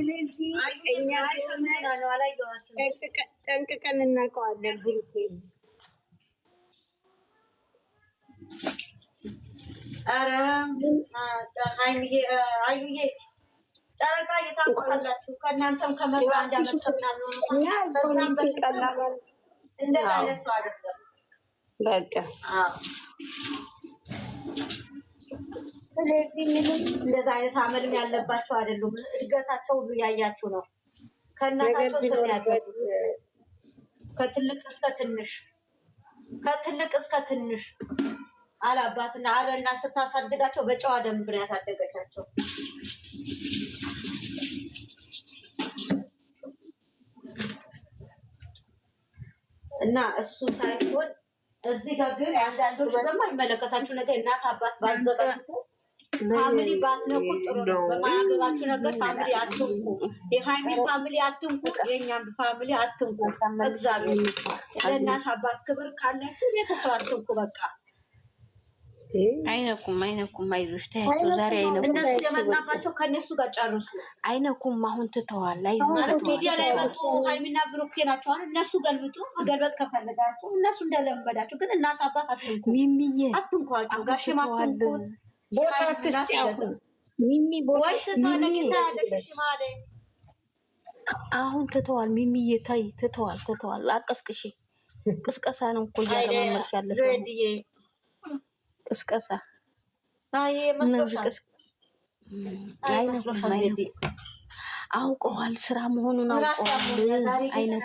ስለዚህ እኛ ጠንቅቀን እናውቀዋለን። ብሩኬ ኧረ አዩዬ ጨረቃ እየታቆላላችሁ ከእናንተም ከመራ እንዳመጣ ስለዚህ ምንም እንደዛ አይነት አመልም ያለባቸው አይደሉም። እድገታቸው ሁሉ ያያችሁ ነው። ከእናታቸው ስር ያገቡት ከትልቅ እስከ ትንሽ ከትልቅ እስከ ትንሽ አላባትና አለና ስታሳድጋቸው በጨዋ ደንብ ነው ያሳደገቻቸው። እና እሱ ሳይሆን እዚህ ጋር ግን አንዳንዶች ደግሞ ነገር እናት አባት ባዘጋጅቱ ፋሚሊ ባትነኩ ጥሩ ነው። በማያገባችሁ ነገር ፋሚሊ አትንኩ። የሃይሚን ፋሚሊ አትንኩ። የእኛም ፋሚሊ አትንኩ። እግዚአብሔር ለእናት አባት ክብር ካላችሁ ቤተሰብ አትንኩ። በቃ አይነኩም፣ አይነኩም። አይዞሽ ተያቸው። ዛሬ አይነኩም። እነሱ የመጣባቸው ከእነሱ ጋር ጨርሱ። አይነኩም። አሁን ትተዋል። ሚዲያ ላይ መጡ። ሃይሚና ብሩኬ ናቸው። አሁን እነሱ ገልብጡ። ገልበጥ ከፈለጋችሁ እነሱ እንደለመዳቸው ግን እናት አባት አትንኩ፣ ሚሚዬ አትንኳቸው፣ ጋሽም አትንኩት። ቦታ አትስጪ። አሁን ትተዋል። ሚሚዬ ተይ፣ ትተዋል፣ ትተዋል። አቀስቅሽ ቅስቀሳ ነው እኮ እያለመመርሽ ያለሽው ቅስቀሳ። አይ መስሎሻል። አይ መስሎሻል አውቀዋል፣ ስራ መሆኑን አውቀዋል። አይነት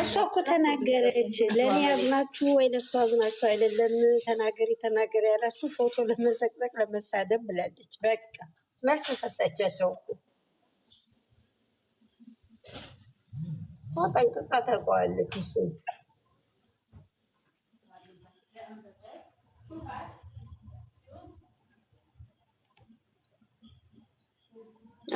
እሷ እኮ ተናገረች። ለእኔ ያዝናችሁ ወይ ለእሷ አዝናችሁ አይደለም። ተናገሪ ተናገሪ ያላችሁ ፎቶ ለመዘቅዘቅ ለመሳደብ ብላለች። በቃ መልስ ሰጠቻቸው። ጠንቅቃ ታውቀዋለች እሱ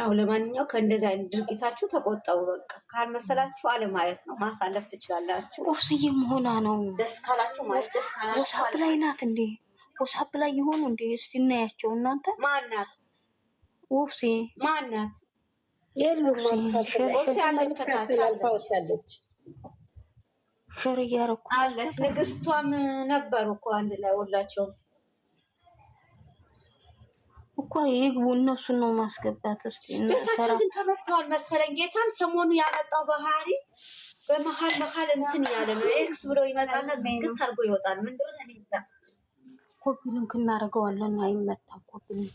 አው ለማንኛው ከእንደዚህ አይነት ድርጊታችሁ ተቆጠቡ። በቃ ካልመሰላችሁ አለማየት ነው፣ ማሳለፍ ትችላላችሁ። ኦፍስዬ መሆና ነው ደስ ካላችሁ ማለት ደስ ካላችሁ ወሳብ ላይ ናት እንዴ? ወሳብ ላይ የሆኑ እንዴ? እስቲ እናያቸው። እናንተ ማናት? ኦፍሲ ማናት? ሸር እያረኩ አለች። ንግስቷም ነበሩ እኮ አንድ ላይ ሁላቸውም እኮ ይግቡ እነሱን ነው ማስገባት። እስኪ ቤታቸው ግን ተመተዋል መሰለኝ። ጌታም ሰሞኑ ያመጣው ባህሪ በመሀል መሀል እንትን እያለ ነው። ኤክስ ብሎ ይመጣና ዝግት አድርጎ ይወጣል። ምን እንደሆነ ሌላ እናደርገዋለን።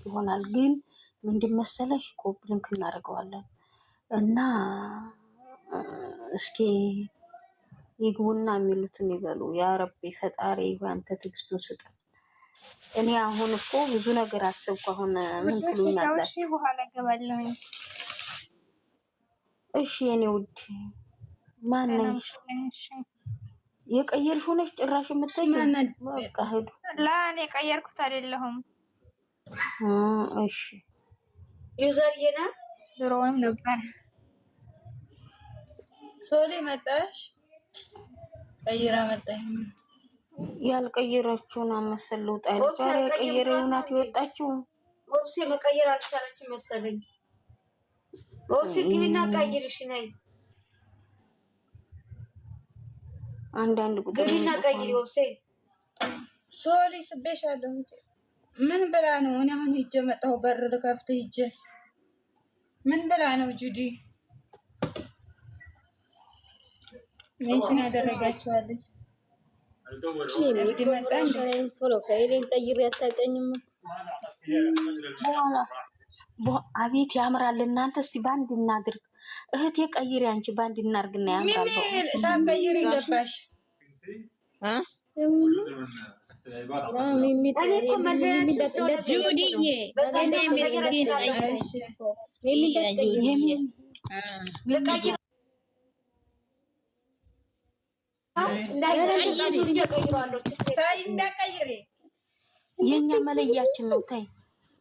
ይሆናል። ግን ምንድን መሰለሽ ኮፒሊንክ እናደርገዋለን እና እስኪ ይግቡና የሚሉትን ይበሉ። ያ ረቢ ፈጣሪ አንተ ትዕግስቱን ስጠን። እኔ አሁን እኮ ብዙ ነገር አስብኩ። አሁን ምን ትሉኛላችሁ? በኋላ ገባለሁኝ። እሺ የኔ ውድ ማነሽ? ጭራሽ የምትሄጂው? በቃ እኔ የቀየርኩት አይደለሁም። እሺ ድሮውንም ነበር። ሶሊ መጣሽ? ቀይራ መጣሽ? ያልቀየራችሁን አመሰል ልውጣ ያልቀየረ ናት የወጣችው። ኦብሴ መቀየር አልቻለችም መሰለኝ። ኦብሴ ግንና ቀይርሽ ነይ አንዳንድ ቁጥር ግንና ቀይር ኦብሴ ሶሊ ስቤሻለሁ። ምን ብላ ነው? እኔ አሁን ሂጄ መጣሁ። በር ልከፍት ሂጄ ምን ብላ ነው ጁዲ ሜንሽን ያደረጋችኋለች? አቤት ያምራል። እናንተ እስኪ ባንድ እናድርግ። እህት ቀይሪ፣ አንቺ በአንድ እናድርግና ያምራል። የእኛ መለያችን ነው። ታይ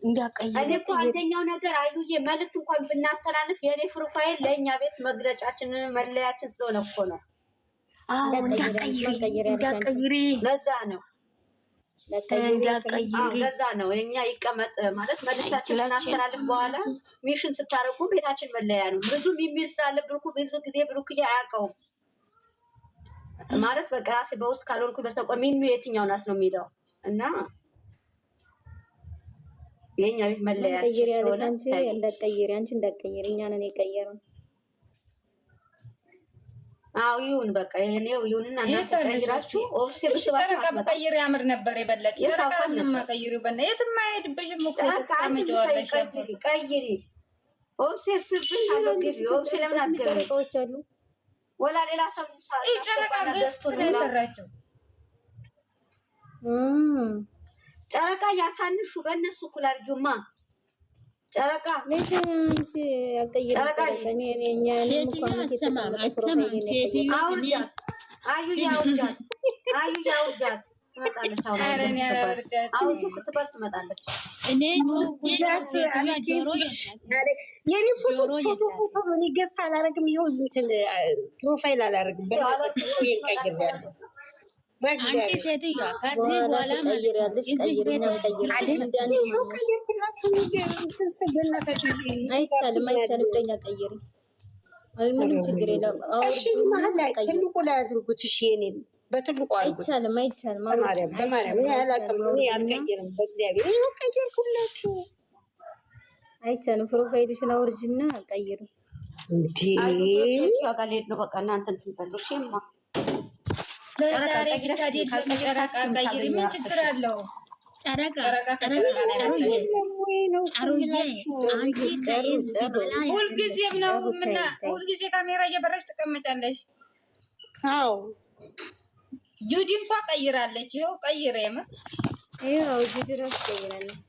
እንዳቀይሬ እኔ እኮ አንደኛው ነገር አዩዬ መልዕክት እንኳን ብናስተላልፍ የእኔ ፕሮፋይል ለእኛ ቤት መግለጫችን መለያችን ስለሆነ እኮ ነው። እንዳቀይሬ ለዛ ነው ለዛ ነው ይቀመጥ ማለት መልዕክታችን በኋላ ሚሽን ስታደርጉ ቤታችን መለያ ነው። ብዙ ብሩኩ ብዙ ጊዜ ብሩክዬ አያውቀውም ማለት በቃ ራሴ በውስጥ ካልሆንኩ በስተቀር ሚሚ የትኛው ናት ነው የሚለው እና የኛ ቤት መለያ እንዳትቀይሪ አንቺ እንዳትቀይሪ እኛ ነን የቀየረው። አዎ ይሁን በቃ ይሄን ይሁንና ቀይራችሁ ኦፊሴ ብሽባችሁ ያምር ነበር የበለጠ የሳፋንም ቀይሪ በ የትም አይሄድብሽም ቀይሪ ኦፍሴ ስብሽ ለምን ኦፊሴ ለምን አሉ ወላ ሌላ ሰው ሰራቸው። ጨረቃ ያሳንሹ በእነሱ እኩል አድርጊውማ። ጨረቃ አዩ ያውርጃት ስትባል ትመጣለች። የኔ ፎቶ አይቻልም፣ አይቻልም። ደኛ ቀይሪ። ምንም ችግር የለም። ትልቁ ላይ አድርጉት። እሺ የኔ በትልቁ አይቻልም፣ አይቻልም። በማርያም በማርያም እኔ አላውቅም፣ እኔ አልቀየርም። በእግዚአብሔር ይኸው ቀየርኩላችሁ። አይቻልም። ፕሮፋይልሽን አውርጅና እንዲ በቃ እናንተ እንትን በሉ ሽማ ሁልጊዜም ነው። ሁልጊዜ ካሜራ እየበራሽ ትቀመጫለሽ። አዎ ጁዲ እንኳ ቀይራለች። ይኸው ቀይረ የምር ይኸው ጁዲ ራሱ ቀይራለች።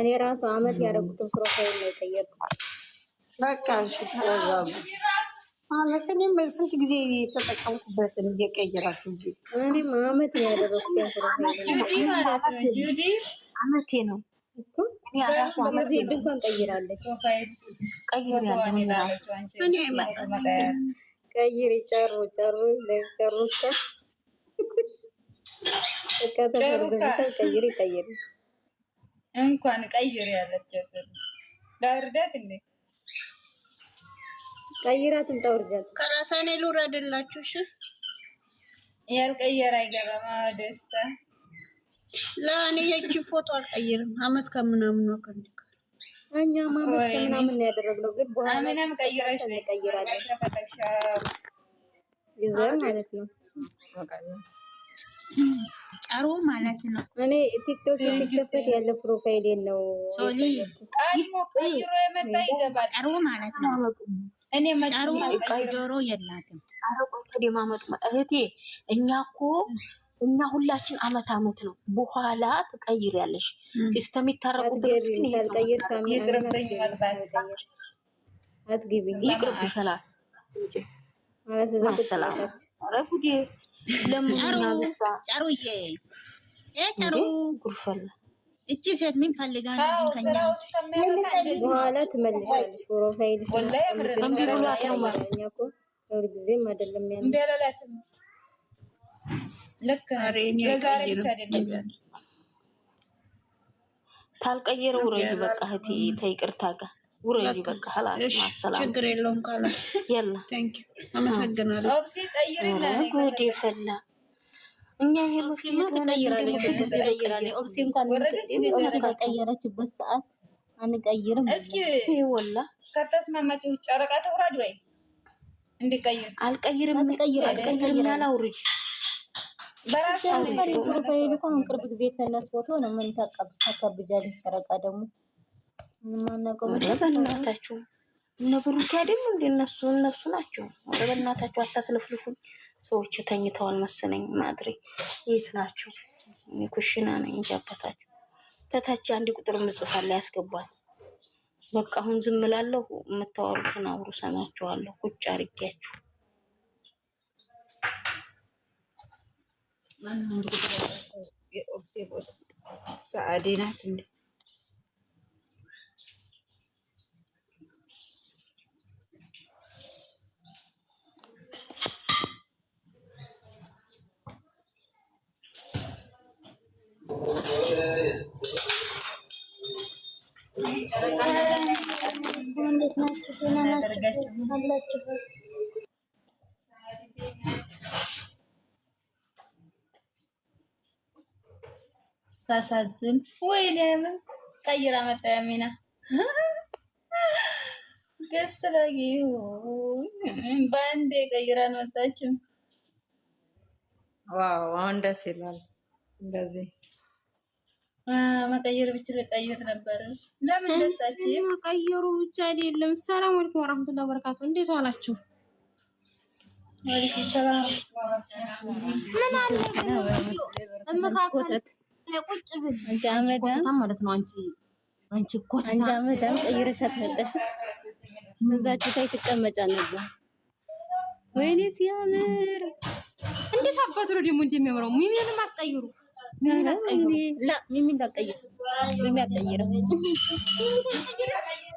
እኔ ራሱ አመት ያደረጉትን ፕሮፋይል ነው የቀየርኩት። በቃ እሺ ተረጋጉ። አመት እኔም ስንት ጊዜ የተጠቀምኩበትን እየቀየራችሁ እኔም አመት ያደረጉትን ፕሮፋይል ጁዲ አመቴ ነው ቀይራለች ቀይሪ ጨሩ ጨሩ ጨሩካ ቀይሪ ቀይሪ እንኳን ቀይሪ ያለቻት ዳርዳት እንዴ ቀይራት እንታወርጃት ከራሳኔ ልውረድላችሁ። እሺ ያልቀየር አይገባም። ደስታ ለእኔ የቺ ፎቶ አልቀይርም። አመት ከምናምን ነው እኛ ማመት ምናምን ያደረግነው ግን በኋላምንም ቀይረሽ ነው ይቀይራል ይዘን ማለት ነው ጨሩ ማለት ነው። እኔ ቲክቶክ ሲከፈት ያለ ፕሮፋይል ነው ቀይሮ የመጣ ይገባል። ጨሩ ማለት ነው። እኔ ጨሩ ዶሮ የላትም። እህቴ እኛ እኮ እኛ ሁላችን አመት አመት ነው። በኋላ ትቀይር ያለሽ ይታረቁ እቺ ሴት ምን ፈልጋ በኋላ ሁልጊዜም አይደለም ልክ ለዛሬ ብቻ አይደለም። ታልቀየረ ውረጅ በቃ ህቲ ተይቅርታ ጋር ውረጅ በቃ ችግር የለውም ካለ የለ አመሰግናለሁ። ጉድ ይፈላ እኛ ይሄ ሙስሊም ተቀይራለች ተቀይራለች። ሰዓት አንቀይርም። እስኪ ወላ ከተስማማችሁ ጨረቃ ተውራድ ወይ እንዲቀይር አልቀይርም፣ አልቀይርም ያላውርጅ ፕሮፋይል እኮ አሁን ቅርብ ጊዜ ፎቶ ነው። ምን ጨረቃ ደግሞ በእናታችሁ እነ አይደሉ እንደ እነሱ እነሱ ናቸው። ወደ በእናታችሁ አታስለፍልፉኝ። ሰዎች ተኝተዋል መሰለኝ። ማድሬ የት ናቸው? እኔ ኩሽና ነኝ እንጂ አንድ ቁጥር ምጽፋላ ያስገባል። በቃ አሁን ዝም እላለሁ። የምታወሩትን አውሩ፣ ሰማችኋለሁ። ቁጭ ሰአዴ ናት እንዴት ናችሁ? ደህና ናችሁ? አላችሁ? ሳሳዝን ወይ ለምን ቀይራ መጣ ያሚና ገስ ላይ በአንዴ ቀይራን መጣችም። ዋው አሁን ደስ ይላል። እንደዚህ መቀየር ብችል ቀይር ነበር። ለምን ደስታችሁ መቀየሩ ብቻ አይደለም። ሰላም አለይኩም ወራህመቱላሂ ወበረካቱ። እንዴት ዋላችሁ? ወአለይኩም ሰላም ምን አለ ግን ቁጭ ብል አንቺ ማለት ነው። አንቺ አንቺ ኮታ አንቺ አመዳም ቀይረሻት መጣሽ። እዛችሁ ታይ ትቀመጫ ነበር። ወይኔ ሲያምር! እንዴት አባቱ ነው ደግሞ እንደሚያምረው። ሚሚንም አስቀይሩ፣ ሚሚን አስቀይሩ። ላ ሚሚን እንዳትቀይሩ፣ ሚሚን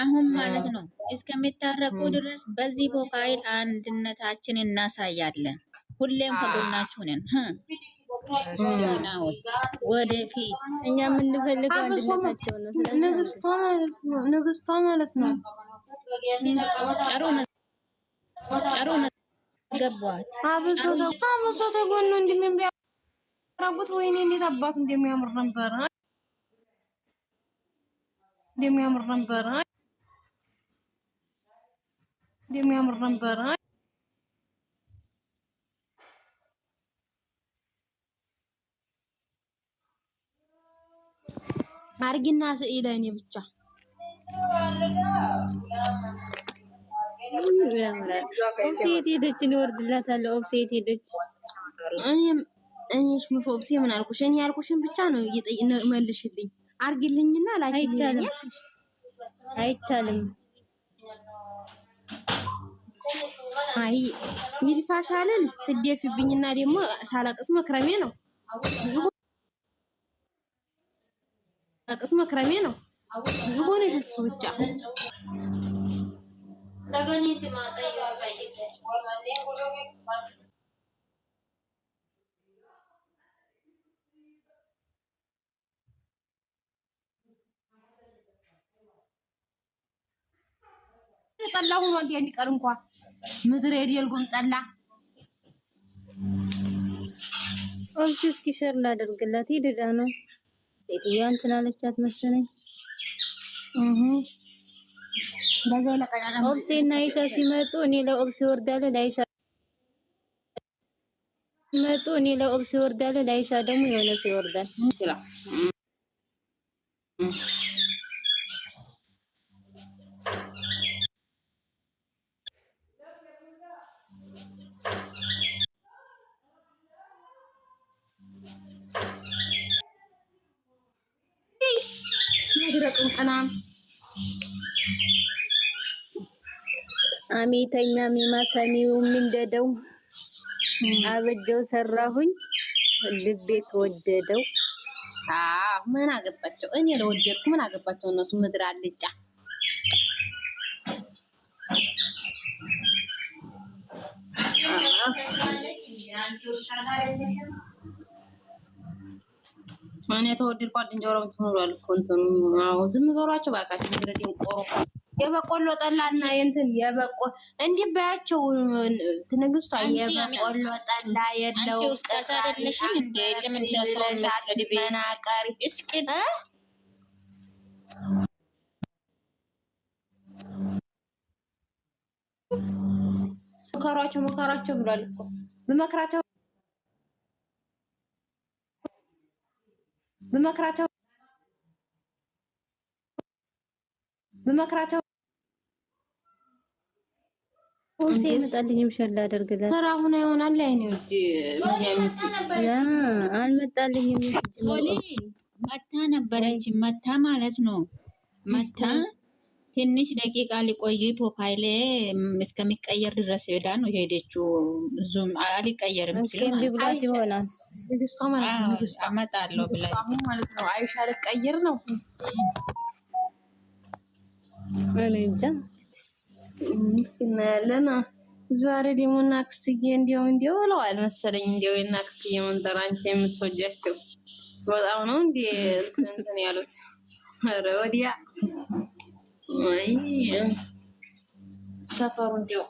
አሁን ማለት ነው እስከሚታረቁ ድረስ በዚህ ፕሮፋይል አንድነታችን እናሳያለን። ሁሌም ከጎናችሁ ነን። ወደፊት እኛ የምንፈልገው አንድነታቸው ነው። ንግስቷ ማለት ነው። ገቧት አብሶ ተጎኑ ወይኔ እንዴት እንደሚያምር ነበረ እንደሚያምር ነበረ እንደሚያምር ነበር። አርጊና ስኢ ለእኔ ብቻ ኦብሴት ሄደች፣ እኔ ወርድላታለሁ። ኦብሴት ሄደች። እኔ ሽምፎ ኦብሴ ምን አልኩሽ? እኔ ያልኩሽን ብቻ ነው መልሽልኝ። አርግልኝና ላኪልኝ። አይቻልም አይቻልም አይ ይድፋሻልን ትደፊብኝና ደግሞ ሳላቅስ መክረሜ ነው። ሳለቅስ መክረሜ ነው። ብዙ ሆነሽ እሱ ብቻ ተገኝት ጠላ ሆኖ እንደ እንዲቀር እንኳ ምድር የደልጎም ጠላ እሺ፣ እስኪ ሸር ላደርግላት ይደዳ ነው ሴትዮዋ እንትን አለቻት መሰለኝ። ኦብሴ እና አይሻ ሲመጡ እኔ ለኦብሴ ወርዳለ ለአይሻ ሲመጡ እኔ ለኦብሴ ወርዳለ ለአይሻ ደግሞ የሆነ ሰው ይወርዳል። ሚተኛ ሜማ ሰሚው ምንደደው አበጀው ሰራሁኝ ልቤ ተወደደው። አዎ ምን አገባቸው? እኔ ለወደድኩ ምን አገባቸው? እነሱ ምድር አልጫ እኔ ተወደድኩ። አድንጀሮም ትሆናል እኮ እንትኑ ዝም በሏቸው ባካችሁ ምድር ቆሮ የበቆሎ ጠላና የእንትን የበቆ እንዲህ በያቸው ንግስቷ። የበቆሎ ጠላ የለው መናቀሪ መከሯቸው መከሯቸው ብሏል እኮ ብመክራቸው ብመክራቸው ብመክራቸው ሆሴ ይመጣልኝም ሸላ ስራ ሁና ይሆናል። ላይ ነው እጂ አልመጣልኝም። መታ ነበረች መታ ማለት ነው። መታ ትንሽ ደቂቃ ሊቆይ ፕሮፋይል እስከሚቀየር ድረስ ሄዳ ነው የሄደችው። ዙም አልቀየርም ሲልብላት ይሆናል አመጣለሁ ማለት ነው። አይሻ ልቀይር ነው እኔ እንጃ እስኪ እናያለን። ዛሬ ደግሞ እናክስትዬ እንዲያው እንዲያው ብለዋል መሰለኝ። እንዲያው እናክስትዬ መንጠር አንቺ የምትወጃቸው በጣም ነው እንዲ እንትን ያሉት። ኧረ ወዲያ ሰፈሩ እንዲያው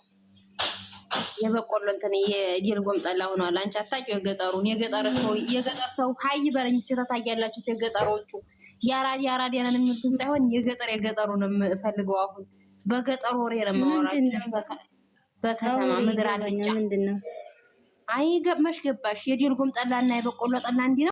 የበቆሎ እንትን የዲል ጎምጠላ ሆኗል። አንቺ አታውቂው የገጠሩን የገጠር ሰው የገጠር ሰው ሀይ በለኝ ሲታታይ ያላችሁት የገጠሮቹ የአራድ የአራድ ያለን የሚሉትን ሳይሆን የገጠር የገጠሩን ነው የምፈልገው አሁን በገጠር ወሬ ነው በከተማ ምድር አልጫ አይ መሽ ገባሽ የዴልጎም ጠላና የበቆሎ ጠላ እንዲህ ነው።